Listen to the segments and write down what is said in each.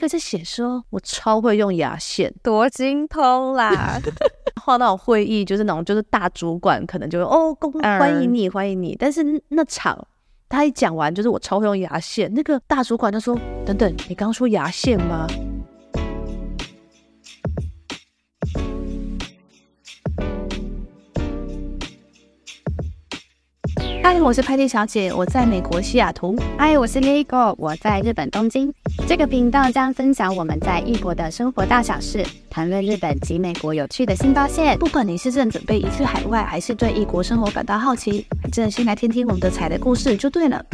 可是寫說，我超會用牙線，多精通啦！畫那種會議，就是那種就是大主管可能就會哦，公，公歡迎你，歡迎你。但是那場他一講完，就是我超會用牙線。那個大主管他說：“等等，你剛說牙線嗎？”嗨，Hi, 我是派蒂小姐，我在美國西雅圖。嗨，我是 Lee Go，我在日本東京。這個頻道將分享我們在異國的生活大小事，談論日本及美國有趣的新發現。不管你是正準備移居海外，還是對異國生活感到好奇，正先來聽聽我們的踩雷故事就對了。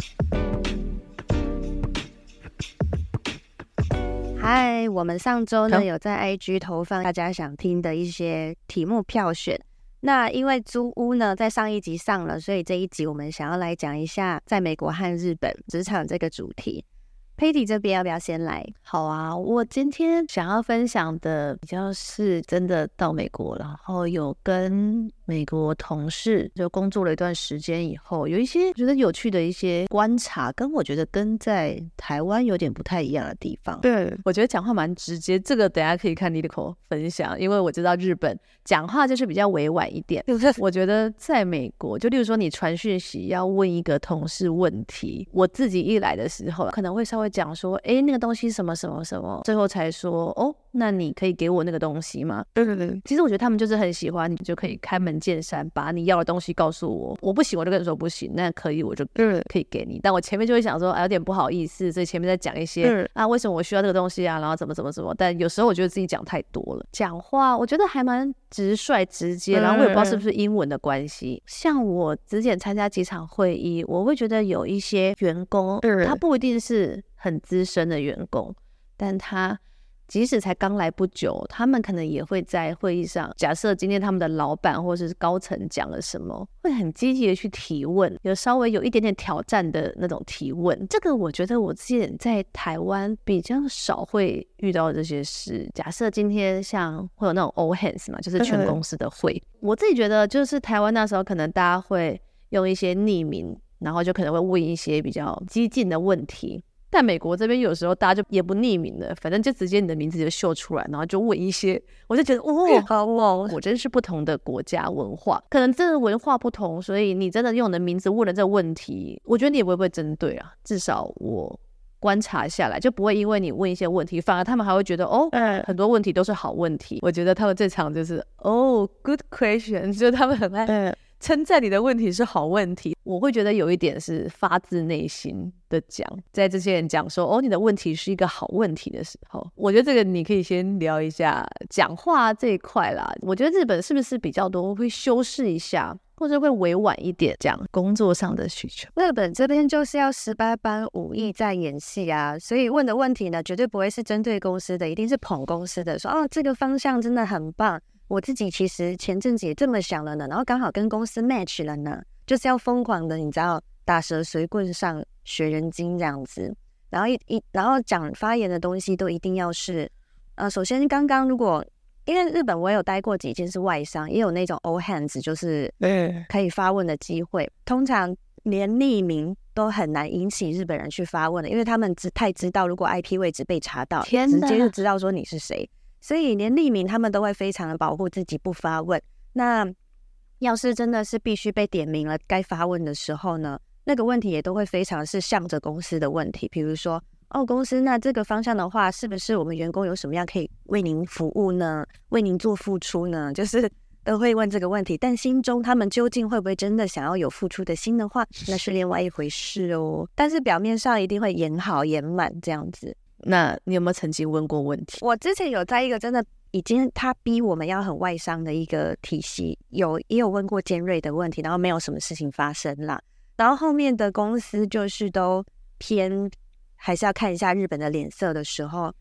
嗨，我們上周呢有在 IG 投放大家想聽的一些題目票選。那因為租屋呢，在上一集上了，所以這一集我們想要來講一下，在美國和日本職場這個主題。Patty 這邊要不要先來？好啊，我今天想要分享的比較是真的到美國，然後有跟。美國同事就工作了一段時間以後，有一些覺得有趣的一些觀察，跟我覺得跟在台灣有點不太一樣的地方。對，我覺得講話蠻直接，這個等下可以看 Nico 分享，因為我知道日本講話就是比較委婉一點。對不對？我覺得在美國，就例如說你傳訊息要問一個同事問題，我自己一來的時候，可能會稍微講說：“哎，那個東西什麼什麼什麼”，最後才說：“哦。”那你可以給我那個東西嗎？對、嗯，對，對。其實我覺得他們就是很喜歡你，就可以開門見山、嗯、把你要的東西告訴我。我不行，我就跟你說不行。那可以，我就嗯可以給你。嗯、但我前面就會想說、哎，有點不好意思，所以前面在講一些、嗯、啊，為什麼我需要這個東西啊，然後怎麼怎麼怎麼。但有時候我覺得自己講太多了，講話我覺得還蠻直率直接。然後我也不知道是不是英文的關係，嗯、像我之前參加幾場會議，我會覺得有一些員工，嗯、他不一定是很資深的員工，但他。即使才剛來不久，他們可能也會在會議上，假設今天他們的老闆或者是高層講了什麼，會很積極的去提問，有稍微有一點點挑戰的那種提問。這個我覺得我之前在台灣比較少會遇到這些事。假設今天像會有那種 all hands 嘛，就是全公司的會，嘿嘿。我自己覺得就是台灣那時候可能大家會用一些匿名，然後就可能會問一些比較激進的問題。在美國這邊，有時候大家就也不匿名的，反正就直接你的名字就秀出來，然後就問一些，我就覺得哦，好猛！果真是不同的國家文化，可能真的文化不同，所以你真的用你的名字問了這問題，我覺得你也不會針對啊。至少我觀察下來，就不會因為你問一些問題，反而他們還會覺得哦，嗯、很多問題都是好問題。我覺得他們這場就是哦，good question，就他們很愛、嗯。稱讚你的問題是好問題，我會覺得有一點是發自內心的講，在這些人講說哦，你的問題是一個好問題的時候，我覺得這個你可以先聊一下講話這一塊啦。我覺得日本是不是比較多會修飾一下，或者會委婉一點，講工作上的需求。日本這邊就是要十八般武藝在演戲啊，所以問的問題呢，絕對不會是針對公司的，一定是捧公司的，說哦，這個方向真的很棒。我自己其實前陣子也這麼想了呢，然後剛好跟公司 match 了呢，就是要瘋狂的，你知道打蛇隨棍上，學人精這樣子，然後一一然後講發言的東西都一定要是，呃，首先剛剛如果因為日本我有待過幾間是外商，也有那種 old hands，就是可以發問的機會，對通常連匿名都很難引起日本人去發問的，因為他們只太知道如果 IP 位置被查到，天哪直接就知道說你是誰。所以連匿名他們都會非常的保護自己不發問。那要是真的是必須被點名了該發問的時候呢，那個問題也都會非常是向着公司的問題。比如說，哦，公司，那這個方向的話，是不是我們員工有什麼樣可以為您服務呢？為您做付出呢？就是都會問這個問題。但心中他們究竟會不會真的想要有付出的心的話，那是另外一回事哦。 但是表面上一定會演好演滿這樣子。那你有沒有曾經問過問題？我之前有在一個真的已經他逼我們要很外商的一個體系，有也有問過尖銳的問題，然後沒有什麼事情發生啦。然後後面的公司就是都偏還是要看一下日本的臉色的時候，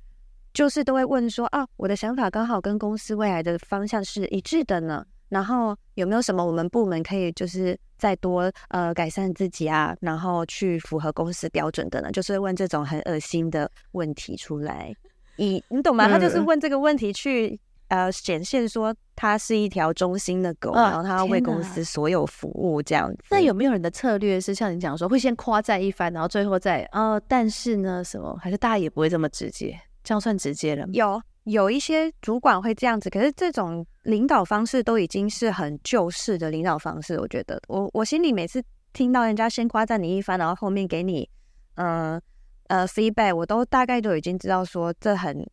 就是都會問說：哦、啊，我的想法剛好跟公司未來的方向是一致的呢。然後有沒有什麼我們部門可以就是？再多呃改善自己啊，然後去符合公司標準的呢，就是問這種很噁心的問題出來，你你懂嗎？他就是問這個問題去、嗯、呃顯現說他是一條忠心的狗，哦、然後他要為公司所有服務哪這樣子。那有沒有人的策略是像你講說會先誇讚一番，然後最後再呃、哦，但是呢什麼？還是大家也不會這麼直接？這樣算直接了嗎？有。有一些主管會這樣子，可是這種領導方式都已經是很舊式的領導方式。我覺得，我我心裡每次聽到人家先誇讚你一番，然後後面給你，嗯呃、呃 feedback，我都大概都已經知道說這很，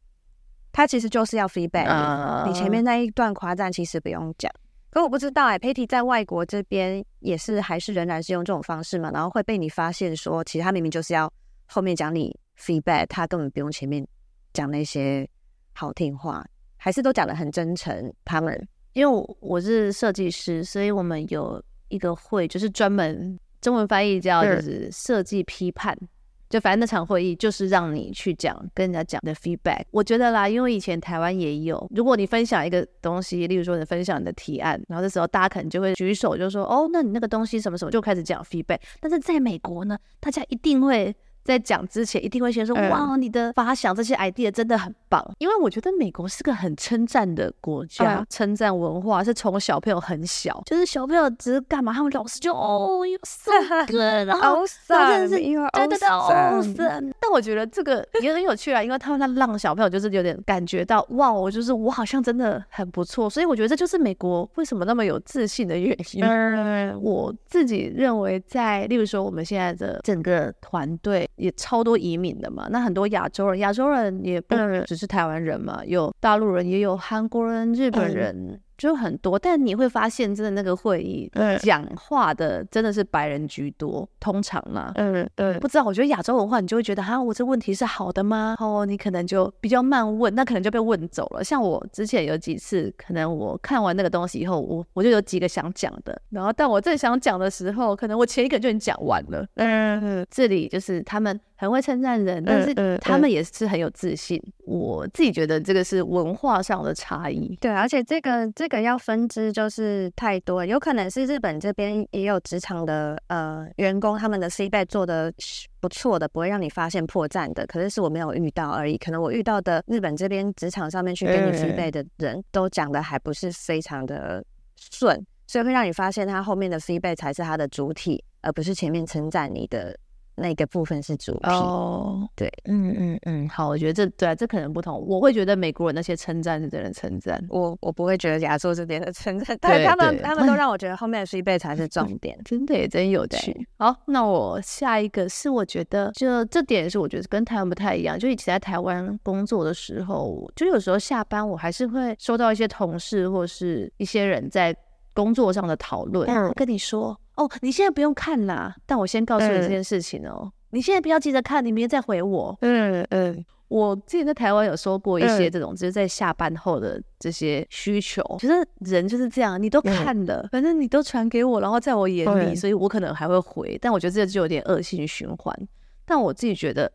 他其實就是要 feedback。Uh、你前面那一段誇讚其實不用講。可我不知道哎、欸，Patty 在外國這邊也是還是仍然是用這種方式嘛，然後會被你發現說，其實他明明就是要後面講你 feedback，他根本不用前面講那些。好聽話，還是都講得很真誠。他們，因為我是設計師，所以我們有一個會，就是專門中文翻譯叫就是設計批判。是就反正那場會議就是讓你去講，跟人家講的 feedback。我覺得啦，因為以前台灣也有，如果你分享一個東西，例如說你分享你的提案，然後這時候大家可能就會舉手，就說哦，那你那個東西什麼什麼，就開始講 feedback。但是在美國呢，大家一定會。在講之前，一定會先說：“哇，你的發想這些 idea 真的很棒。嗯”因為我覺得美國是個很稱讚的國家，稱讚 Yeah. 文化是從小朋友很小，就是小朋友只是幹嘛，他們老師就哦，you're so good，然後真的是真的的，you're awesome。但我覺得這個也很有趣啊，因為他們在讓小朋友就是有點感覺到：“ 哇，我就是我好像真的很不錯。”所以我覺得這就是美國為什麼那麼有自信的原因。嗯，我自己認為在，在例如說我們現在的整個團隊。也超多移民的嘛，那很多亞洲人，亞洲人也不能、嗯、只是台灣人嘛，有大陸人，也有韓國人、日本人。嗯就很多，但你會發現，真的那個會議講話的真的是白人居多，嗯、通常啦，嗯嗯，嗯不知道，我覺得亞洲文化，你就會覺得啊，我這問題是好的嗎？哦，你可能就比較慢問，那可能就被問走了。像我之前有幾次，可能我看完那個東西以後，我我就有幾個想講的，然後但我正想講的時候，可能我前一個就已經講完了。嗯，嗯這裡就是他們。人會稱讚人，但是他們也是很有自信。嗯嗯嗯、我自己覺得這個是文化上的差異。對，而且這個這個要分支就是太多，有可能是日本這邊也有職場的呃員工，他們的 C 背做的不錯的，不會讓你發現破綻的。可是，是我沒有遇到而已，可能我遇到的日本這邊職場上面去跟你 C 背的人都講的還不是非常的順，嗯嗯嗯、所以會讓你發現他後面的 C 背才是他的主體，而不是前面稱讚你的。那個部分是主題，oh, 對，嗯嗯嗯，好，我覺得這對，這可能不同。我會覺得美國人那些稱讚是真的稱讚，我我不會覺得亞洲這邊的稱讚，對但他們對他們都讓我覺得後面的 feedback 才是重點，嗯，真的也真有趣。好，那我下一個是，我覺得就這點是我覺得跟台灣不太一樣，就以前在台灣工作的時候，就有時候下班我還是會收到一些同事或是一些人在工作上的討論，嗯，我跟你說。哦，你現在不用看啦。但我先告訴你這件事情哦、喔。嗯、你現在不要急着看，你明天再回我。嗯嗯，嗯我之前在台灣有說過一些這種，嗯、就是在下班後的這些需求，其實人就是這樣，你都看了，嗯、反正你都傳給我，然後在我眼裡，對所以我可能還會回，但我覺得這就有點惡性循環。但我自己覺得。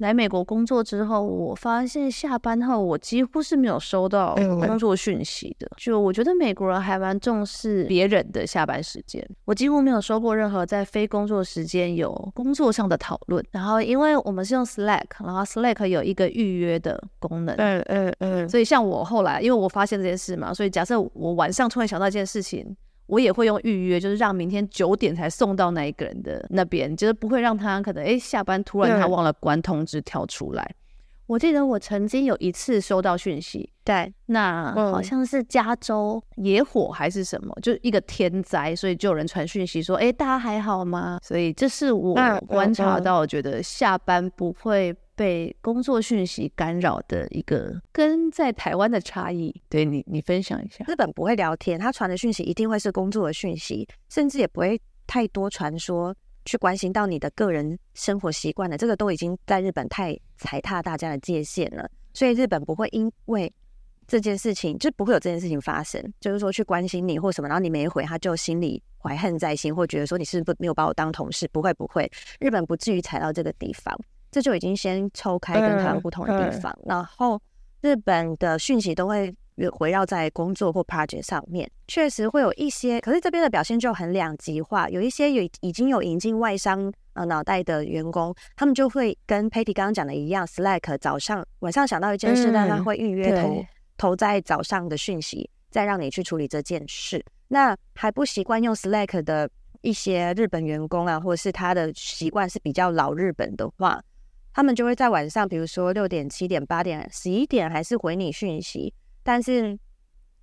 來美國工作之後，我發現下班後我幾乎是沒有收到工作訊息的。就我覺得美國人還蠻重視別人的下班時間，我幾乎沒有收過任何在非工作時間有工作上的討論。然後，因為我們是用 Slack，然後 Slack 有一個預約的功能。嗯嗯嗯。所以，像我後來，因為我發現這件事嘛，所以假設我晚上突然想到一件事情。我也會用預約，就是讓明天九點才送到那一個人的那邊，就是不會讓他可能哎、欸、下班突然他忘了關通知跳出來。對我記得我曾經有一次收到訊息，對，那好像是加州野火還是什麼，就是一個天災，所以就有人傳訊息說，哎、欸，大家還好嗎？所以這是我觀察到，我覺得下班不會。被工作訊息干擾的一個跟在台灣的差異，對你你分享一下。日本不會聊天，他傳的訊息一定會是工作的訊息，甚至也不會太多傳說去關心到你的個人生活習慣的。這個都已經在日本太踩踏大家的界限了，所以日本不會因為這件事情就不會有這件事情發生，就是說去關心你或什麼，然後你沒回他就心裡懷恨在心，或覺得說你是不是沒有把我當同事？不會不會，日本不至於踩到這個地方。這就已經先抽開跟他們不同的地方，嗯嗯、然後日本的訊息都會圍繞在工作或 project 上面，確實會有一些，可是這邊的表現就很兩極化，有一些有已經有引進外商呃腦袋的員工，他們就會跟 Patty 剛剛講的一樣，嗯、，Slack 早上晚上想到一件事，那、嗯、他會預約投對投在早上的訊息，再讓你去處理這件事。那還不習慣用 Slack 的一些日本員工啊，或者是他的習慣是比較老日本的話，他們就會在晚上，比如說六點、七點、八點、十一點，還是回你訊息。但是，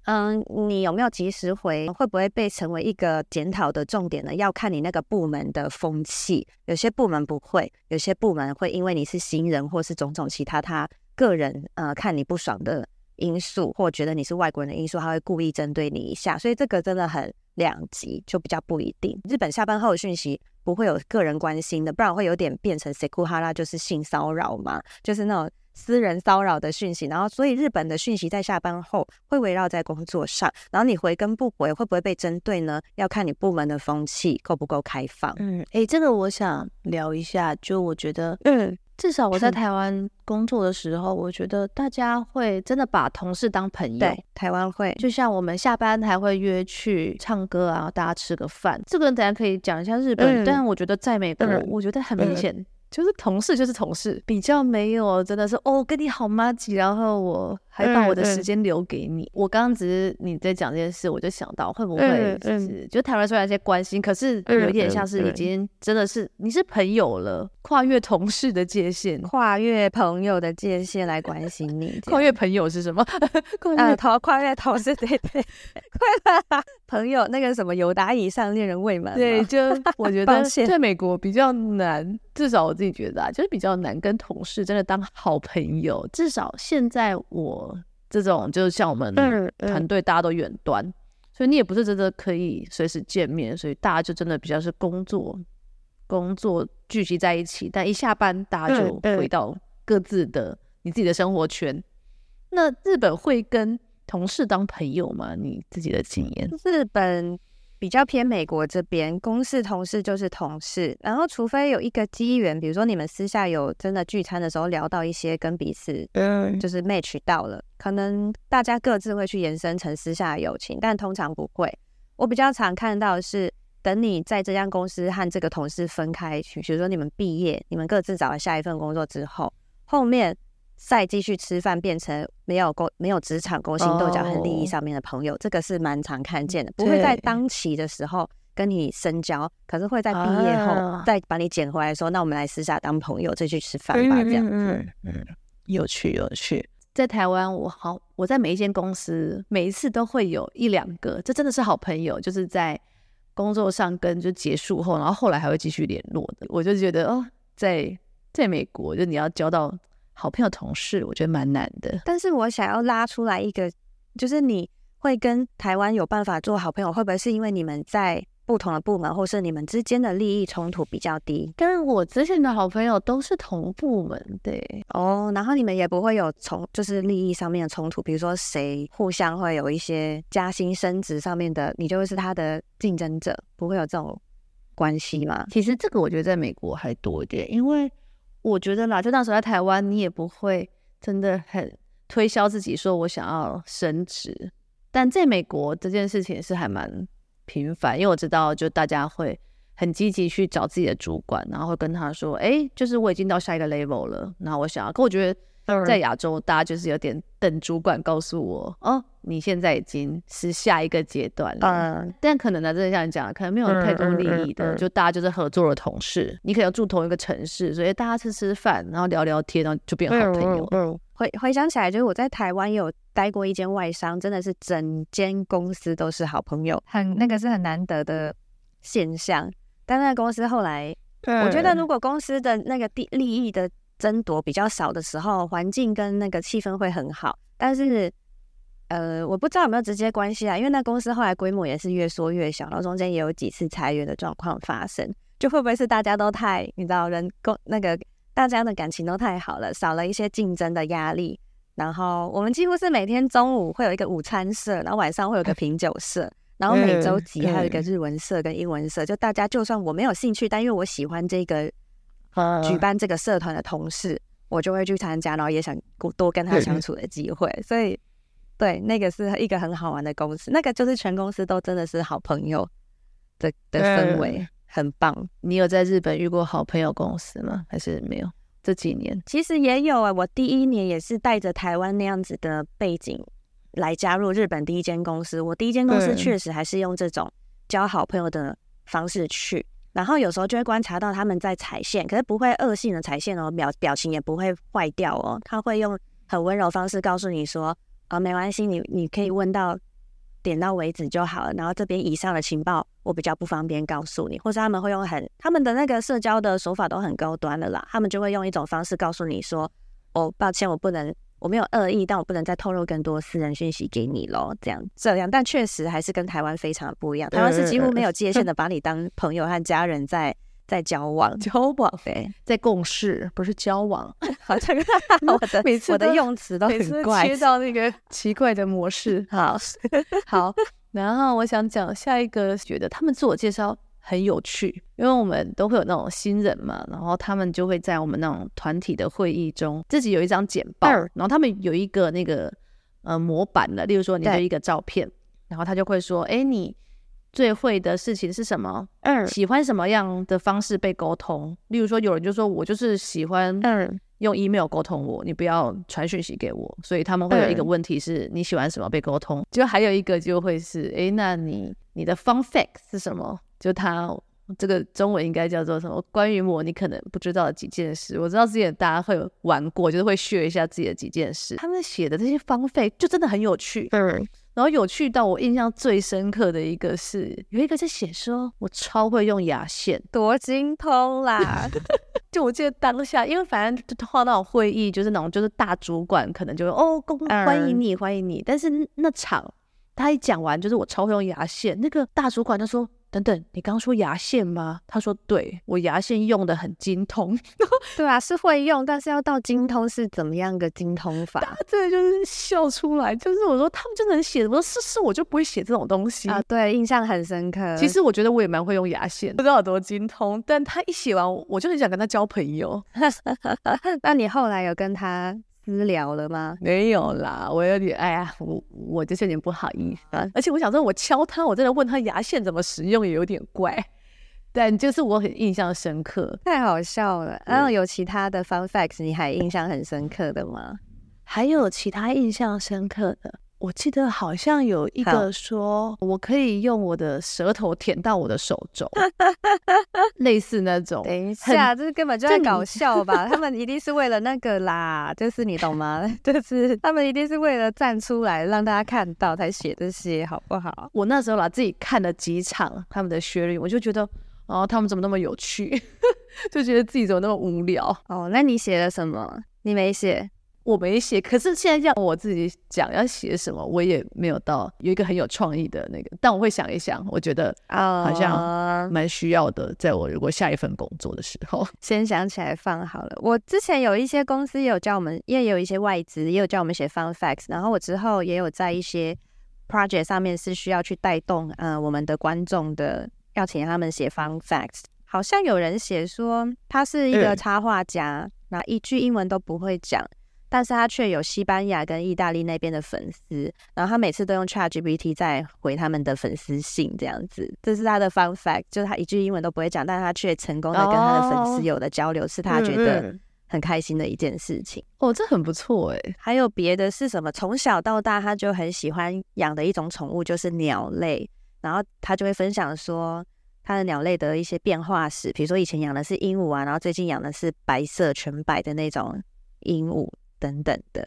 嗯，你有沒有及時回，會不會被成為一個檢討的重點呢？要看你那個部門的風氣，有些部門不會，有些部門會，因為你是新人，或是種種其他他個人呃，看你不爽的因素，或覺得你是外國人的因素，他會故意針對你一下。所以這個真的很兩極，就比較不一定。日本下班後的訊息。不會有個人關心的，不然會有點變成 sekuhara，就是性騷擾嘛，就是那種私人騷擾的訊息。然後，所以日本的訊息在下班後會圍繞在工作上，然後你回跟不回會不會被針對呢？要看你部門的風氣夠不夠開放。嗯，哎，這個我想聊一下，就我覺得，嗯。至少我在台灣工作的時候，我覺得大家會真的把同事當朋友。對。台灣會，就像我們下班還會約去唱歌啊，大家吃個飯。這個等一下可以講一下日本，嗯、但我覺得在美國，我覺得很明顯、嗯。嗯嗯就是，就是同事，就是同事，比較沒有真的是哦，跟你好麻吉，然後我還把我的時間留給你。嗯嗯、我剛剛只是你在講這件事，我就想到會不會是、嗯嗯、就是就台灣雖然一些關心，可是有一點像是已經真的是你是朋友了，跨越同事的界限，嗯嗯、跨越朋友的界限來關心你、嗯。跨越朋友是什麼？ 跨越同事對對， 啊、跨了 朋友那個什麼友達以上戀人未滿。對，就我覺得在美國比較難。至少我自己覺得啊，就是比較難跟同事真的當好朋友。至少現在我這種就是像我們團隊大家都遠端，所以你也不是真的可以隨時見面，所以大家就真的比較是工作工作聚集在一起，但一下班大家就回到各自的你自己的生活圈。那日本會跟同事當朋友嗎？你自己的經驗。日本。比較偏美國這邊，公司同事就是同事，然後除非有一個機緣，比如說你們私下有真的聚餐的時候聊到一些跟彼此，嗯對，就是 match 到了，可能大家各自會去延伸成私下的友情，但通常不會。我比較常看到的是，等你在這家公司和這個同事分開去，比如說你們畢業，你們各自找了下一份工作之後，後面。再繼續吃飯，變成沒有勾，沒有職場勾心鬥角和利益上面的朋友，這個是蠻常看見的。不會在當期的時候跟你深交，可是會在畢業後再把你撿回來，說那我們來私下當朋友，再去吃飯吧，這樣子嗯嗯。嗯，有趣有趣。在台灣，我好，我在每一間公司，每一次都會有一兩個，這真的是好朋友，就是在工作上跟就結束後，然後後來還會繼續聯絡的。我就覺得哦，在在美國，就你要交到。好朋友同事，我覺得蠻難的。但是我想要拉出來一個，就是你會跟台灣有辦法做好朋友，會不會是因為你們在不同的部門，或是你們之間的利益衝突比較低？但我之前的好朋友都是同部門，對哦，oh, 然後你們也不會有從就是利益上面的衝突，比如說誰互相會有一些加薪升職上面的，你就是他的競爭者，不會有這種關係嗎？其實這個我覺得在美國還多一點，因為。我覺得啦，就那時候在台灣，你也不會真的很推銷自己，說我想要升職。但在美國，這件事情是還蠻頻繁，因為我知道，就大家會很積極去找自己的主管，然後會跟他說，哎、欸，就是我已經到下一個 level 了，然後我想要。可我覺得。在亞洲，大家就是有點等主管告訴我哦，你現在已經是下一個階段了。嗯，但可能呢，真的像你講的，可能沒有太多利益的，就大家就是合作的同事，你可能要住同一個城市，所以大家吃吃飯，然後聊聊天，然後就變好朋友了。回回想起來，就是我在台灣也有待過一間外商，真的是整間公司都是好朋友，很那個是很難得的現象。但那個公司後來，對我覺得如果公司的那個利益的。爭奪比較少的時候，環境跟那個氣氛會很好。但是，呃，我不知道有沒有直接關係啊？因為那公司後來規模也是越縮越小，然後中間也有幾次裁員的狀況發生，就會不會是大家都太你知道，人工那個大家的感情都太好了，少了一些競爭的壓力。然後我們幾乎是每天中午會有一個午餐社，然後晚上會有個品酒社， 然後每週幾還有一個日文社跟英文社。嗯嗯、就大家就算我沒有興趣，但因為我喜歡這個。舉辦這個社團的同事，我就會去參加，然後也想多跟他相處的機會。對所以，對，那個是一個很好玩的公司，那個就是全公司都真的是好朋友的的氛圍，欸、很棒。你有在日本遇過好朋友公司嗎？還是沒有？這幾年其實也有啊。我第一年也是帶着台灣那樣子的背景來加入日本第一間公司。我第一間公司確實還是用這種交好朋友的方式去。然後有時候就會觀察到他們在踩線，可是不會惡性的踩線哦，表表情也不會壞掉哦，他會用很溫柔方式告訴你說，啊、哦，沒關係，你你可以問到點到為止就好了。然後這邊以上的情報我比較不方便告訴你，或是他們會用很他們的那個社交的手法都很高端的啦，他們就會用一種方式告訴你說，哦，抱歉，我不能。我沒有惡意，但我不能再透露更多私人訊息給你咯，這樣。這樣，但確實還是跟台灣非常不一樣。台灣是幾乎沒有界限的，把你當朋友和家人在在交往交往，對，交往在共事不是交往。好像跟他， 我的 每次都我的用詞都很怪都切到那個奇怪的模式。好好，好 然後我想講下一個，覺得他們自我介紹。很有趣，因為我們都會有那種新人嘛，然後他們就會在我們那種團體的會議中，自己有一張簡報，而然後他們有一個那個呃模板的，例如說你的一個照片，對然後他就會說：“哎，你最會的事情是什麼？嗯，喜歡什麼樣的方式被溝通？例如說有人就說，我就是喜歡用 email 溝通我，我、嗯、你不要傳訊息給我，所以他們會有一個問題是你喜歡什麼被溝通？嗯、就還有一個就會是：哎，那你你的 fun fact 是什麼？”就他這個中文應該叫做什麼？關於我，你可能不知道的幾件事。我知道之前大家會有玩過，就是會 share 一下自己的幾件事。他們寫的這些 fun facts 就真的很有趣，嗯對。然後有趣到我印象最深刻的一個是，有一個是寫說我超會用牙線，多精通啦！ 就我記得當下，因為反正就畫那種會議，就是那種就是大主管可能就哦公公，歡迎你，歡迎你。但是那場他一講完，就是我超會用牙線，那個大主管他說。等等，你剛說牙線嗎？他說對，我牙線用得很精通， 對啊，是會用，但是要到精通是怎麼樣個精通法？他真的就是笑出來，就是我說他們就能寫，我說是是，我就不會寫這種東西啊。對，印象很深刻。其實我覺得我也蠻會用牙線，不知道有多精通。但他一寫完，我就很想跟他交朋友。 那你後來有跟他？私聊了嗎？沒有啦，我有點，哎呀，我我就是有點不好意思。啊，而且我想說，我敲他，我真的問他牙線怎麼使用，也有點怪。但就是我很印象深刻，太好笑了。然後對、啊、有其他的 fun facts，你還印象很深刻的嗎？還有其他印象深刻的？我記得好像有一個說，好我可以用我的舌頭舔到我的手肘， 類似那種。等一下，很這是根本就在搞笑吧？就你 他們一定是為了那個啦，就是你懂嗎？ 就是他們一定是為了站出來讓大家看到才寫這些，好不好？我那時候把自己看了幾場他們的旋律，我就覺得，哦，他們怎麼那麼有趣？ 就覺得自己怎麼那麼無聊。哦，那你寫了什麼？你沒寫。我沒寫，可是現在要我自己講要寫什麼，我也沒有到有一個很有創意的那個，但我會想一想，我覺得啊，好像蠻需要的，在我如果下一份工作的時候，oh, 先想起來放好了。我之前有一些公司也有叫我們，因為有一些外資也有叫我們寫 fun facts，然後我之後也有在一些 project 上面是需要去帶動呃我們的觀眾的，要請他們寫 fun facts。好像有人寫說他是一個插畫家，那、欸、一句英文都不會講。但是他卻有西班牙跟意大利那邊的粉絲，然後他每次都用 ChatGPT 在回他們的粉絲信，這樣子，這是他的方法。就是他一句英文都不會講，但是他卻成功的跟他的粉絲有了交流，oh, 是他覺得很開心的一件事情。嗯嗯哦，這很不錯哎、欸。還有別的是什麼？從小到大他就很喜歡養的一種寵物就是鳥類，然後他就會分享說他的鳥類的一些變化史，比如說以前養的是鸚鵡啊，然後最近養的是白色全白的那種鸚鵡。等等的，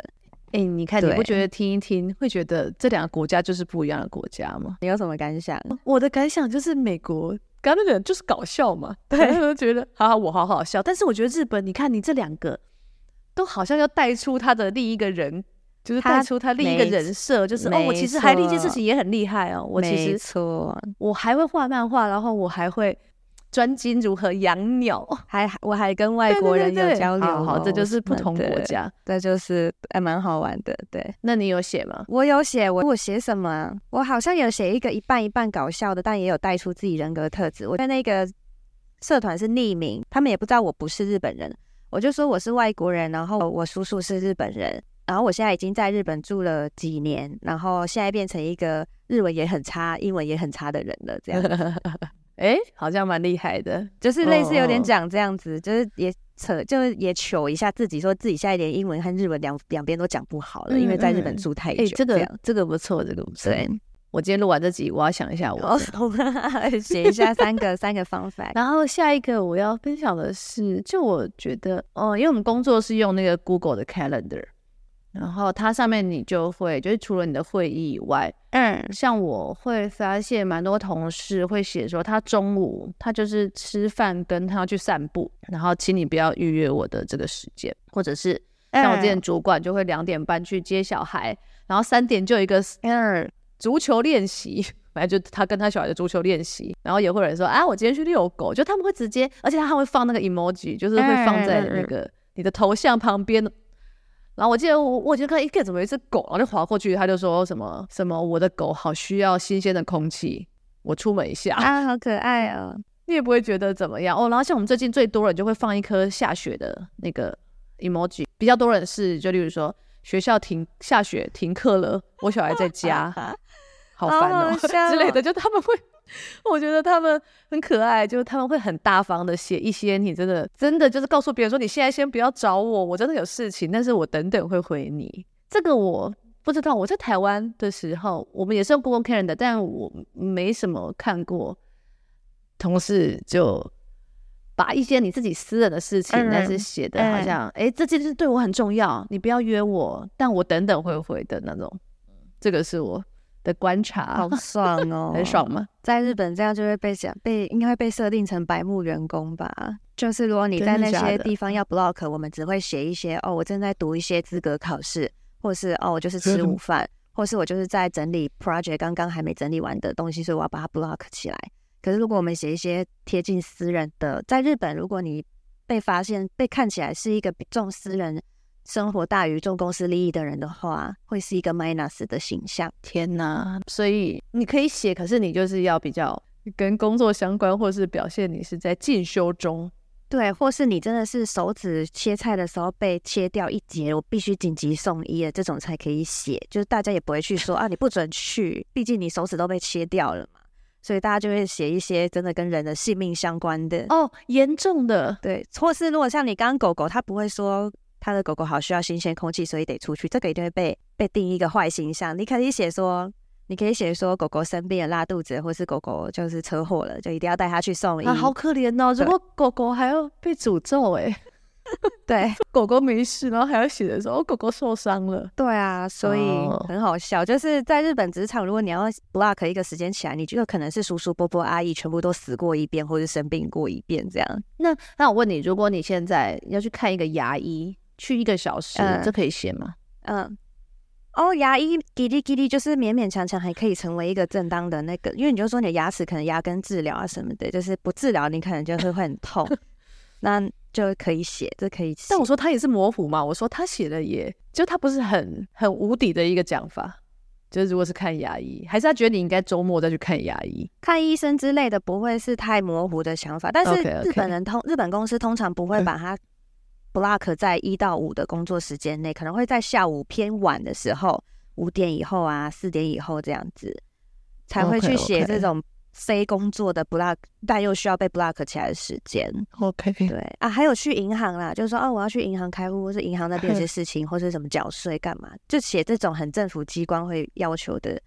哎，欸、你看，你不覺得聽一聽會覺得這兩個國家就是不一樣的國家嗎？你有什麼感想？我，我的感想就是美國剛那個人就是搞笑嘛，對，他覺得好好，我好好笑。但是我覺得日本，你看你這兩個都好像要帶出他的另一個人，他就是帶出他另一個人設，沒就是哦，錯我其實還有另一件事情也很厲害哦，我其實錯，我還會畫漫畫，然後我還會。專精如何養鳥，還我還跟外國人有交流，這就是不同國家，這就是還蠻好玩的。對，那你有寫嗎？我有寫，我我寫什麼？我好像有寫一個一半一半搞笑的，但也有帶出自己人格特質。我在那個社團是匿名，他們也不知道我不是日本人，我就說我是外國人，然後我叔叔是日本人，然後我現在已經在日本住了幾年，然後現在變成一個日文也很差、英文也很差的人了，這樣。 哎、欸，好像蠻厲害的，就是類似有點講這樣子，oh. 就是也扯，就是也糗一下自己，說自己現在連英文和日文兩兩邊都講不好了，嗯嗯嗯、因為在日本住太久。哎、欸，這個這個不錯，這個不錯。這個、對，我今天錄完這集，我要想一下我，我寫 一下三個 三個方法。然後下一個我要分享的是，就我覺得哦，因為我們工作是用那個 Google 的 Calendar。然後它上面你就會，就是除了你的會議以外，嗯，像我會發現蠻多同事會寫說他中午他就是吃飯跟他去散步，然後請你不要預約我的這個時間，或者是像我之前主管就會兩點半去接小孩，然後三點就有一個嗯足球練習，反正就他跟他小孩的足球練習，然後也會有人說啊我今天去遛狗，就他們會直接，而且他還會放那個 emoji，就是會放在那個你的頭像旁邊的。然後我記得我，我就看一個怎麼一隻狗，然後就滑過去，他就說什麼什麼我的狗好需要新鮮的空氣，我出門一下啊，好可愛啊、哦， 你也不會覺得怎麼樣哦。然後像我們最近最多人就會放一顆下雪的那個 emoji，比較多人是就例如說學校停下雪停課了，我小孩在家， 好害怕，好煩哦，好好 之類的，就他們會。 我覺得他們很可愛，就是他們會很大方的寫一些你真的真的就是告訴別人說你現在先不要找我，我真的有事情，但是我等等會回你。這個我不知道，我在台灣的時候，我們也是用 Google Calendar 的，但我沒什麼看過。同事就把一些你自己私人的事情，但、嗯、是寫的好像，哎、嗯嗯欸，這件事對我很重要，你不要約我，但我等等會回的那種。嗯、這個是我。的觀察好爽哦， 很爽嗎 嘛？在日本這樣就會被講，被應該會被設定成白目員工吧。就是如果你在那些地方要 block，的的我們只會寫一些哦，我正在讀一些資格考試，或是哦，我就是吃午飯，或是我就是在整理 project，剛剛還沒整理完的東西，所以我要把它 block 起來。可是如果我們寫一些貼近私人的，在日本如果你被發現被看起來是一個比重私人，生活大於重公司利益的人的話，會是一個 minus 的形象。天哪！所以你可以寫，可是你就是要比較跟工作相關，或是表現你是在進修中。對，或是你真的是手指切菜的時候被切掉一節，我必須緊急送醫了，這種才可以寫，就是大家也不會去說啊，你不准去， 畢竟你手指都被切掉了嘛。所以大家就會寫一些真的跟人的性命相關的哦，嚴重的，對，或是如果像你剛剛狗狗，它不會說。他的狗狗好需要新鮮空氣，所以得出去。這個一定會被被定一個壞形象。你可以寫說，你可以寫說狗狗生病了、拉肚子，或是狗狗就是車禍了，就一定要帶它去送醫。啊，好可憐哦！對如果狗狗還要被詛咒、欸，哎，對， 狗狗沒事，然後還要寫說狗狗受傷了。對啊，所以很好笑。Oh. 就是在日本職場，如果你要 block 一個時間起來，你就有可能是叔叔、伯伯、阿姨全部都死過一遍，或是生病過一遍這樣。那那我問你，如果你現在要去看一個牙醫？去一個小時，嗯、這可以寫嗎？嗯，哦，牙醫ギリギリ，就是勉勉強強還可以成為一個正當的那個，因為你就說你的牙齒可能牙根治療啊什麼的，就是不治療你可能就是會很痛， 那就可以寫，這可以。但我說他也是模糊嘛，我說他寫的也就他不是很很無底的一個講法，就是如果是看牙醫，還是他覺得你應該周末再去看牙醫、看醫生之類的，不會是太模糊的想法。但是日本人通 Okay, okay. 日本公司通常不會把它、嗯。Block 在一到五的工作時間內，可能會在下午偏晚的時候，五點以後啊，四點以後這樣子，才會去寫這種非工作的 Block，但又需要被 Block 起來的時間。OK, okay. 對啊，還有去銀行啦，就是說啊，哦，我要去銀行開戶，或是銀行那邊有些事情，或者什麼繳稅幹嘛，就寫這種很政府機關會要求的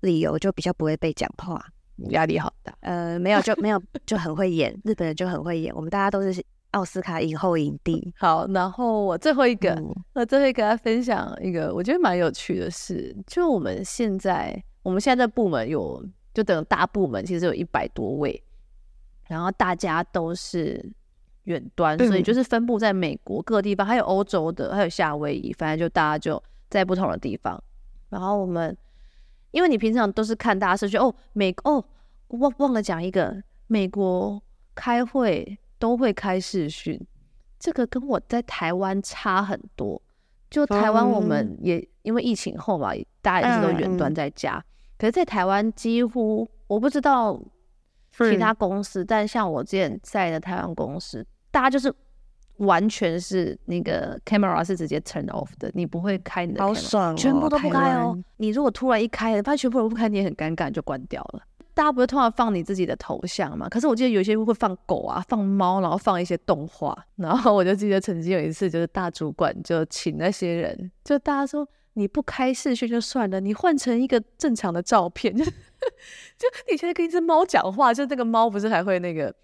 理由，就比較不會被講話，壓力好大。呃，沒有，就沒有，就很會演， 日本人就很會演，我們大家都是。奧斯卡影后影帝，好，然後我最後一個，嗯、我最後跟大家分享一個我覺得蠻有趣的事，就我們現在，我們現在，在部門有，就等大部門其實有一百多位，然後大家都是遠端，所以就是分布在美國各個地方，嗯、還有歐洲的，還有夏威夷，反正就大家就在不同的地方。然後我們，因為你平常都是看大家數據哦，美哦，忘忘了講一個美國開會。都會開視訊，這個跟我在台灣差很多，就台灣我們也、嗯、因為疫情後嘛，大家也是都遠端在家。嗯、可是，在台灣幾乎我不知道其他公司，是但像我之前在的台灣公司，大家就是完全是那個 camera 是直接 turn off 的，你不會開你的 camera，好爽哦。全部都不開哦。灣你如果突然一開，發現全部人都不開，你也很尷尬，就關掉了。大家不是通常放你自己的頭像嘛？可是我記得有一些會放狗啊，放貓，然後放一些動畫。然後我就記得曾經有一次，就是大主管就請那些人，就大家說你不開視訊就算了，你換成一個正常的照片，就 就你現在跟一只貓講話，就那個貓不是還會那個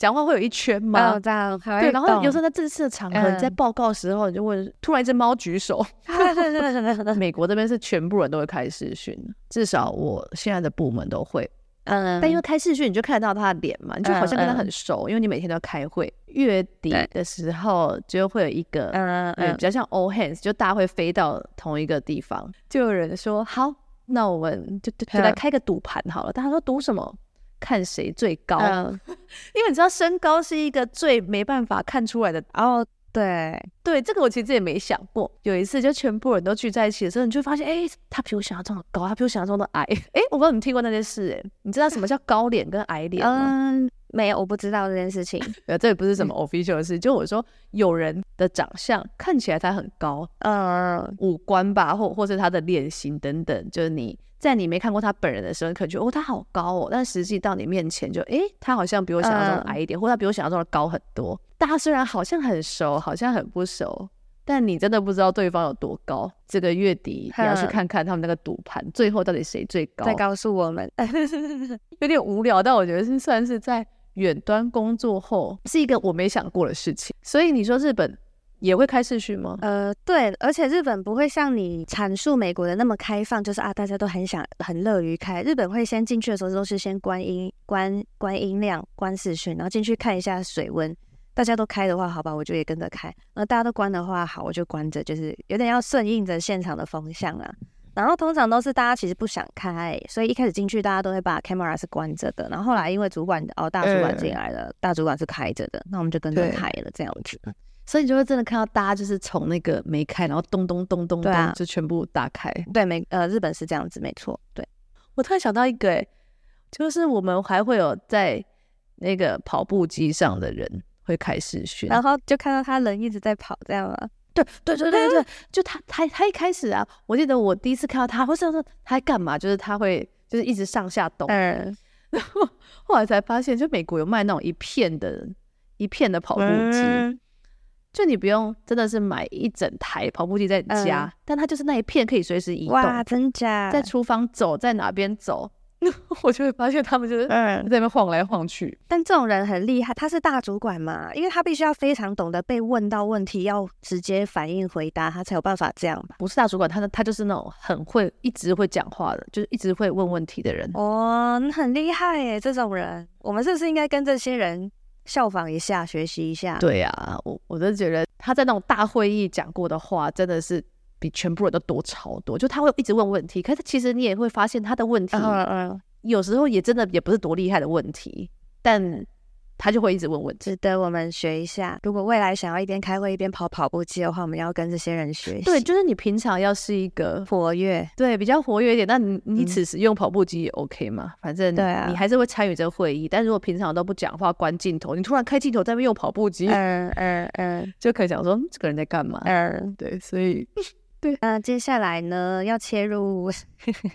講話會有一圈嗎？這樣、oh, that 對。how I 然後有時候在正式的場合，um, 你在報告的時候，你就問，突然一只貓舉手。 美國這邊是全部人都會開視訊，至少我現在的部門都會。嗯，um, 但因為開視訊，你就看得到他的臉嘛，你就好像跟他很熟，um, um, 因為你每天都要開會。月底的時候就會有一個，嗯、um, um, 嗯，比較像 all hands，就大家會飛到同一個地方，就有人說好，那我們就就,就來開個賭盤好了。大家 Yeah. 說賭什麼？看誰最高？Um, 因為你知道身高是一個最沒辦法看出來的，然後。對對，這個我其實也沒想過。有一次，就全部人都聚在一起的時候，你就會發現，哎、欸，他比我想象中的高，他比我想象中的矮。哎、欸，我不知道你聽過那件事，欸，你知道什麼叫高臉跟矮臉嗎？嗯，沒有，我不知道這件事情。呃， 這也不是什麼 official 的事，嗯、就我說，有人的長相看起來他很高，嗯，五官吧，或或是他的臉型等等，就是你在你沒看過他本人的時候，你可能覺得哦，他好高哦，但實際到你面前就，哎、欸，他好像比我想象中的矮一點，嗯、或他比我想象中的高很多。大家雖然好像很熟，好像很不熟，但你真的不知道對方有多高。這個月底你要去看看他們那個賭盤，最後到底誰最高，再告訴我們， 有點無聊，但我覺得是算是在遠端工作後是一個我沒想過的事情。所以你說日本也會開視訊嗎？呃，對，而且日本不會像你闡述美國的那麼開放，就是啊，大家都很想很樂於開。日本會先進去的時候都是先關音、關關音量、關視訊，然後進去看一下水溫。大家都開的話，好吧，我就也跟着開。那大家都關的話，好，我就關着，就是有點要順應着現場的方向了啊。然後通常都是大家其實不想開，所以一開始進去，大家都會把 camera 是關着的。然後後來因為主管哦，大主管進來了，欸、大主管是開着的，那我們就跟着開了這樣子。對所以就會真的看到大家就是從那個沒開，然後咚咚咚咚咚咚就全部打開。對，啊，對，沒呃，日本是這樣子，沒錯。對，我突然想到一個、欸，就是我們還會有在那個跑步機上的人。會開始學，然後就看到他人一直在跑這樣啊？對對對對對，就他他他一開始啊，我記得我第一次看到他，我想說他幹嘛？就是他會就是一直上下動，嗯，然後後來才發現，就美國有賣那種一片的、一片的跑步機，嗯，就你不用真的是買一整台跑步機在你家，嗯，但他就是那一片可以隨時移動，哇，真假？在廚房走，在哪邊走。 我就會發現他們就是嗯在那邊晃來晃去，但這種人很厲害，他是大主管嘛，因為他必須要非常懂得被問到問題要直接反應回答，他才有辦法這樣吧？不是大主管，他的他就是那種很會一直會講話的，就是一直會問問題的人。哇，oh, 你很厲害耶！這種人，我們是不是應該跟這些人效仿一下，學習一下？對呀、啊，我我都覺得他在那種大會議講過的話，真的是。比全部人都多超多，就他會一直問問題。可是其實你也會發現他的問題，啊、有時候也真的也不是多厲害的問題，但他就會一直問問題，值得我們學一下。如果未來想要一邊開會一邊跑跑步機的話，我們要跟這些人學。對，就是你平常要是一個活躍，對，比較活躍一點。那你你此時用跑步機也 OK 嘛，反正對啊，你還是會參與這會議。但如果平常都不講話，關鏡頭，你突然開鏡頭在那邊用跑步機，嗯嗯嗯，呃呃、就可以講說這個人在幹嘛。嗯、呃，對，所以。 對，那接下來呢，要切入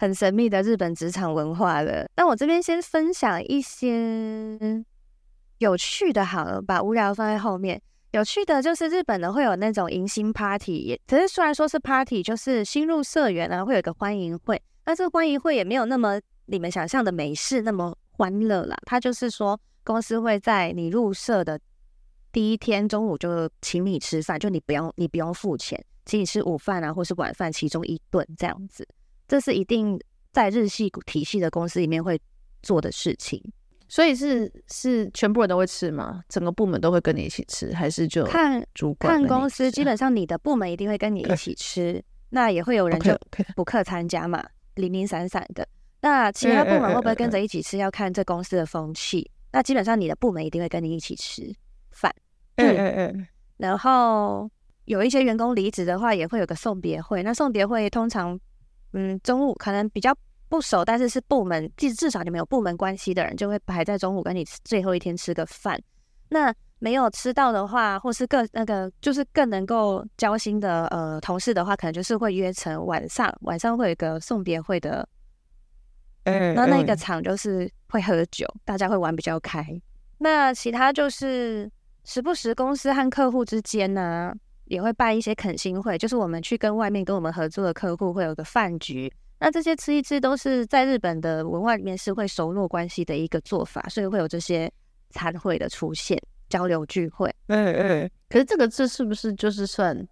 很神秘的日本職場文化了。那我這邊先分享一些有趣的，好了，把無聊放在後面。有趣的就是日本呢，會有那種迎新 party，也可是雖然說是 party，就是新入社員啊會有個歡迎會，但是歡迎會也沒有那麼你們想象的美式那麼歡樂啦。他就是說，公司會在你入社的第一天中午就請你吃飯，就你不用，你不用付錢。請你吃午飯啊，或是晚飯其中一頓這樣子，這是一定在日系體系的公司裡面會做的事情。所以是是全部人都會吃嗎？整個部門都會跟你一起吃，還是就看主管看？看公司，基本上你的部門一定會跟你一起吃。欸、那也會有人就不克參加嘛，零零 Okay. 散散的。那其他部門會不會跟着一起吃？欸欸欸欸，要看這公司的風氣。那基本上你的部門一定會跟你一起吃飯。嗯嗯嗯，欸欸欸然後。有一些員工離職的話，也會有個送別會。那送別會通常，嗯，中午可能比較不熟，但是是部門至至少，你沒有部門關係的人，就會排在中午跟你最後一天吃個飯。那沒有吃到的話，或是更那個就是更能夠交心的呃同事的話，可能就是會約成晚上，晚上會有一個送別會的。嗯、欸，那、欸、那個場就是會喝酒，大家會玩比較開。那其他就是時不時公司和客戶之間呢、啊。也會辦一些懇親會，就是我們去跟外面跟我們合作的客戶會有個飯局。那這些吃一吃都是在日本的文化裡面是會熟絡關係的一個做法，所以會有這些餐會的出現，交流聚會。嗯嗯、欸欸欸。可是這個這是不是就是算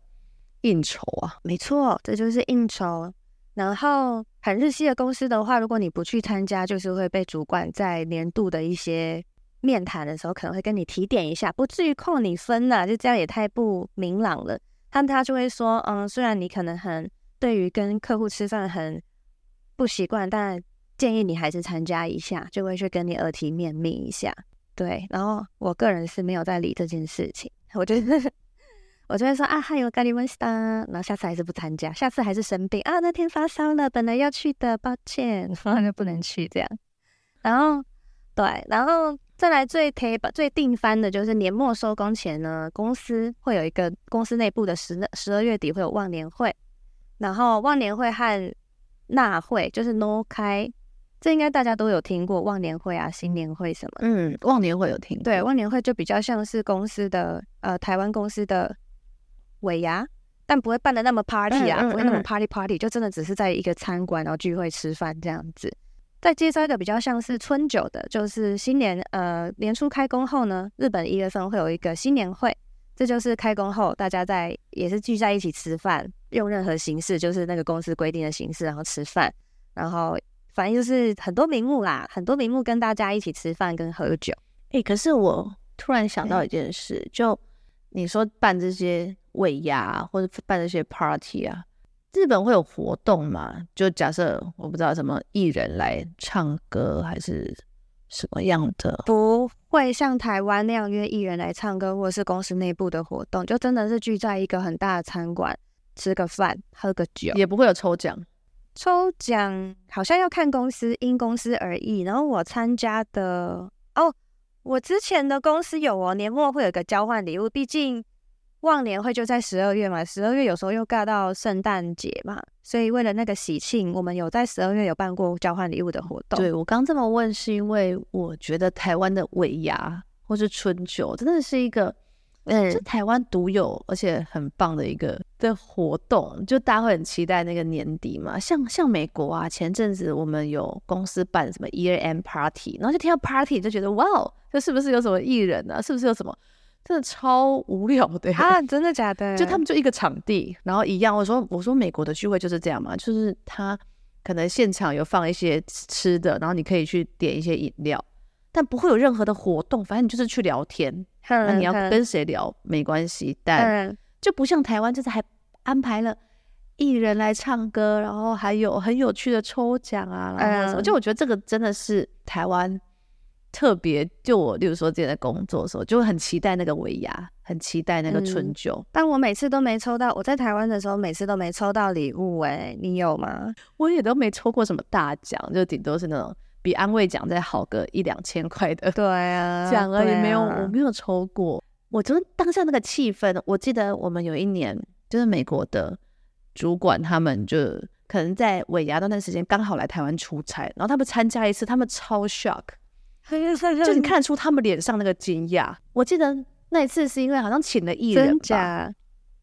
應酬啊？沒錯，這就是應酬。然後很日系的公司的話，如果你不去參加，就是會被主管在年度的一些。面談的時候可能會跟你提點一下，不至於扣你分吶、啊，就這樣也太不明朗了。他們他就會說，嗯，雖然你可能很對於跟客戶吃飯很不習慣，但建議你還是參加一下，就會去跟你耳提面命一下。對，然後我個人是沒有在理這件事情，我覺得， 我就會說 啊，嗨，我干你們事的，然後下次還是不參加，下次還是生病啊，那天發燒了，本來要去的，抱歉，然後 就不能去這樣。然後，對，然後。再來最 t 最定番的就是年末收工前呢，公司會有一個公司內部的十十二月底會有忘年會，然後忘年會和納會就是 no 開，這應該大家都有聽過忘年會啊、新年會什麼，嗯，忘年會有聽過，對，忘年會就比較像是公司的呃台灣公司的尾牙，但不會辦的那麼 party 啊，嗯嗯嗯不會那麼 party party，就真的只是在一個餐館然後聚會吃飯這樣子。再介紹一個比較像是春酒的，就是新年，呃，年初開工後呢，日本一月份會有一個新年會，這就是開工後大家在也是聚在一起吃飯，用任何形式就是那個公司規定的形式，然後吃飯，然後反正就是很多名目啦，很多名目跟大家一起吃飯跟喝酒。哎、欸，可是我突然想到一件事，嗯、就你說辦這些尾牙啊，或者辦這些 party 啊。日本會有活動嗎？就假設我不知道什麼藝人來唱歌還是什麼樣的，不會像台灣那樣約藝人來唱歌，或是公司內部的活動，就真的是聚在一個很大的餐館吃個飯喝個酒，也不會有抽獎。抽獎好像要看公司，因公司而異。然後我參加的哦，oh, 我之前的公司有哦，年末會有個交換禮物，畢竟。忘年會就在十二月嘛，十二月有時候又尬到聖誕節嘛，所以為了那個喜慶，我們有在十二月有辦過交換禮物的活動。對我剛這麼問，是因為我覺得台灣的尾牙或是春酒真的是一個，嗯，嗯就是台灣獨有而且很棒的一個的活動，就大家會很期待那個年底嘛。像像美國啊，前陣子我們有公司辦什麼 Year End Party，然後就聽到 Party 就覺得哇哦，這是不是有什麼藝人啊？是不是有什麼？真的超無聊的啊！真的假的？就他們就一個場地，然後一樣。我說我說美國的聚會就是這樣嘛，就是他可能現場有放一些吃的，然後你可以去點一些飲料，但不會有任何的活動，反正你就是去聊天。那你要跟誰聊沒關係，但就不像台灣，就是還安排了藝人來唱歌，然後還有很有趣的抽獎啊，然後什麼，就我覺得這個真的是台灣。特別就我，例如說自己在工作的時候，就很期待那個尾牙，很期待那個春酒、嗯。但我每次都沒抽到。我在台灣的時候，每次都沒抽到禮物、欸。哎，你有嗎？我也都沒抽過什麼大獎，就頂多是那種比安慰獎再好個一兩千塊的。對啊，獎而已，沒有，啊、我沒有抽過。我覺得當下那個氣氛，我記得我們有一年就是美國的主管，他們就可能在尾牙那段時間剛好來台灣出差，然後他們參加一次，他們超 shock。就是你看出他們臉上那個驚訝。我記得那一次是因為好像請了藝人吧，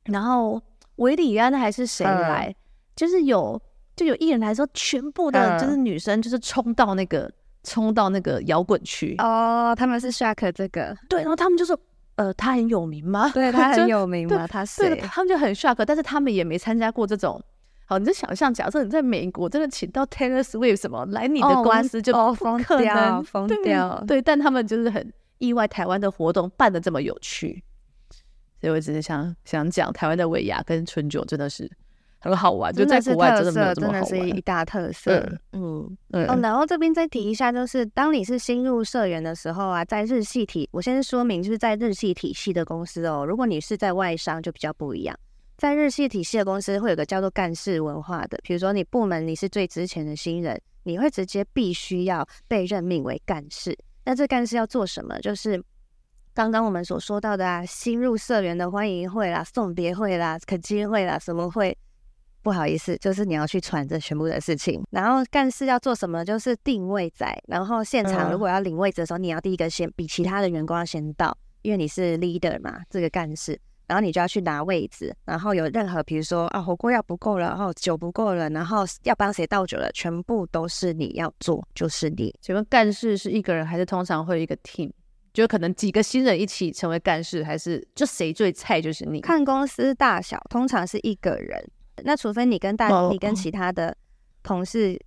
然後韋禮安還是誰來，就是有就有藝人來說，全部的就是女生就是衝到那個衝到那個搖滾區哦。他們是 shock 這個對，然後他們就說呃，他很有名嗎？對，他很有名嗎？他是他們就很 shock，但是他們也沒參加過這種。好，你就想象，假設你在美國真的請到 Taylor Swift 什麼來你的公司，就不可能，就哦，瘋掉，瘋掉。對。對，但他們就是很意外，台灣的活動辦得這麼有趣。所以，我只是想想講台灣的尾牙跟春酒真的是很好玩，就在國外真的沒有這麼好玩。真的是一大特色。嗯嗯。嗯嗯，哦，然後這邊再提一下，就是當你是新入社員的時候啊，在日系體，我先說明，就是在日系體系的公司哦，如果你是在外商，就比較不一樣。在日系體系的公司，會有個叫做幹事文化的。比如說，你部門你是最值錢的新人，你會直接必須要被任命為幹事。那這幹事要做什麼？就是剛剛我們所說到的啊，新入社員的歡迎會啦、送別會啦、懇親會啦，什麼會？不好意思，就是你要去傳這全部的事情。然後幹事要做什麼？就是訂位仔，然後現場如果要領位置的時候，你要第一個先比其他的員工要先到，因為你是 leader 嘛，這個幹事。然後你就要去拿位置，然後有任何比如說啊，火鍋要不夠了哦，酒不夠了，然後要幫誰倒酒了，全部都是你要做，就是你。請問幹事是一個人還是通常會一個 team？就可能幾個新人一起成為幹事，還是就誰最菜就是你？看公司大小，通常是一個人。那除非你跟大你跟其他的同事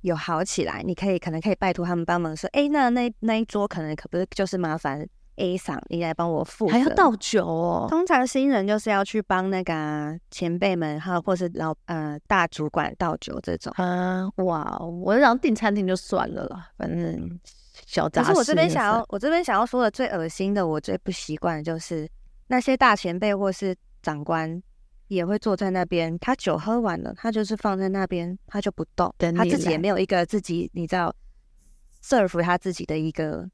有好起來，你可以可能可以拜托他們幫忙說，哎，那那那一桌可能可不是就是麻煩。A 賞，san, 你來幫我付，還要倒酒哦。通常新人就是要去幫那個前輩們還有或是老呃大主管倒酒這種。啊，哇，我然後訂餐廳就算了啦，反正小雜。可是我這邊想要，了我這邊想要說的最惡心的，我最不習慣的就是那些大前輩或是長官也會坐在那邊，他酒喝完了，他就是放在那邊，他就不動，等他自己也沒有一個自己，你知道，serve 他自己的一個。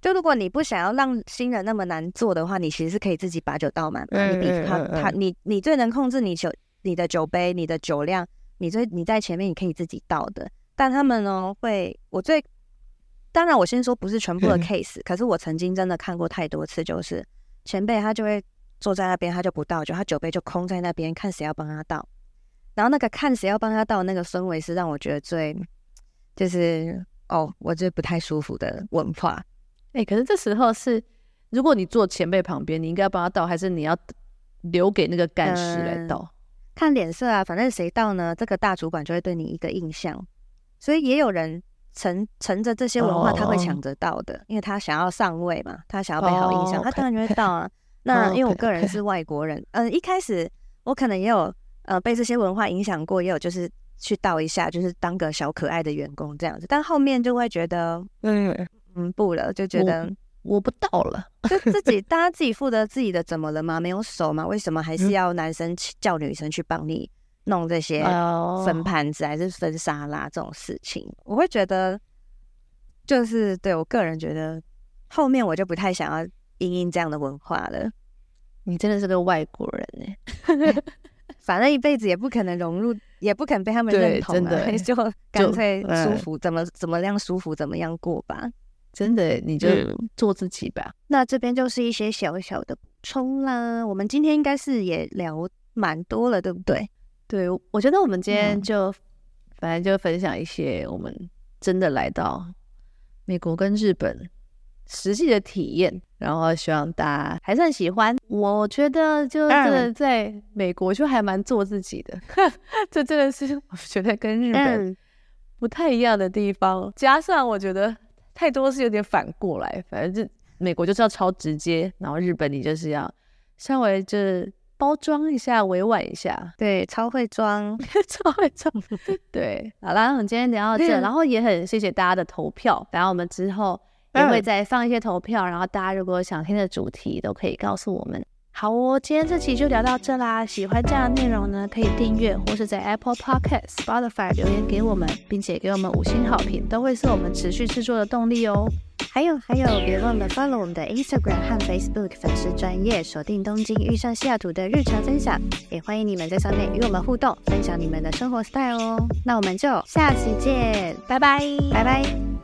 就如果你不想要讓新人那麼難做的話，你其實是可以自己把酒倒滿。你比他他你你最能控制你酒你的酒杯你的酒量，你最你在前面你可以自己倒的。但他們呢、喔、會我最當然我先說不是全部的 case，是可是我曾經真的看過太多次，就是前輩他就會坐在那邊，他就不倒酒，就他酒杯就空在那邊，看誰要幫他倒。然後那個看誰要幫他倒的那個氛圍是讓我覺得最就是哦我最不太舒服的文化。哎、欸，可是這時候是，如果你坐前輩旁邊，你應該要幫他倒，還是你要留給那個幹事來倒、嗯？看臉色啊，反正誰倒呢？這個大主管就會對你一個印象。所以也有人乘乘着這些文化，他會搶着倒的，oh. 因為他想要上位嘛，他想要被好印象，oh, okay. 他當然就會倒啊。那因為我個人是外國人，oh, okay, okay. 嗯，一開始我可能也有呃被這些文化影響過，也有就是去倒一下，就是當個小可愛的員工這樣子。但後面就會覺得，嗯。嗯，不了，就覺得我，我不到了， 就自己大家自己負責自己的，怎麼了嗎？沒有手嗎？為什麼還是要男生、嗯、叫女生去幫你弄這些分盤子還是分沙拉這種事情？Oh. 我會覺得，就是對我個人覺得，後面我就不太想要因應這樣的文化了。你真的是個外國人呢、欸， 反正一輩子也不可能融入，也不可能被他們認同，啊，對真的欸，就乾脆舒服，嗯、怎麼怎麼樣舒服怎麼樣過吧。真的，你就做自己吧。嗯、那這邊就是一些小小的補充啦。我們今天應該是也聊蠻多了，對不對？對，對，我覺得我們今天就、嗯、反正就分享一些我們真的來到美國跟日本實際的體驗，然後希望大家還算喜歡。我覺得就是在美國就還蠻做自己的，嗯、 這真的是我覺得跟日本不太一樣的地方。嗯、加上我覺得。太多是有點反過來，反正就美國就是要超直接，然後日本你就是要稍微就是包裝一下，委婉一下，對，超會裝， 超會裝，對，好啦，我們今天聊到這，嗯、然後也很謝謝大家的投票，然後我們之後也會再放一些投票，嗯、然後大家如果想聽的主題都可以告訴我們。好哦，今天這期就聊到這啦！喜歡這樣的內容呢，可以訂閱或是在 Apple Podcast、Spotify 留言給我們，並且給我們五星好評，都會是我們持續制作的動力哦。還有還有，別忘了 follow 我們的 Instagram 和 Facebook，粉絲專業鎖定東京遇上西雅圖的日常分享，也歡迎你們在上面與我們互動，分享你們的生活 style 哦。那我們就下期見，拜拜拜拜！